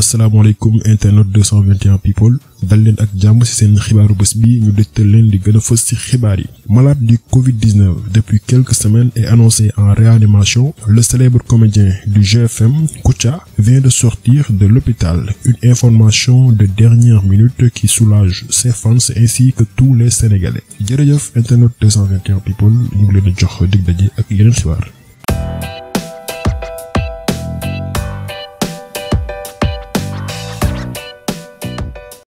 asalaamaaleykum internet 221 people dal leen ak jàmm ci seen xibaaru bés bi ñu dëjtal leen di gën a fës ci xibaar yi malade du Covid-19 depuis quelques semaines est annoncé en réanimation le célèbre comédien du GFM Kouthia vient de sortir de l'hôpital une information de dernière minute qui soulage ses fans ainsi que tous les Sénégalais jërëjëf internet 221 people ñu ngi leen di jox dig ak yeneen xibaar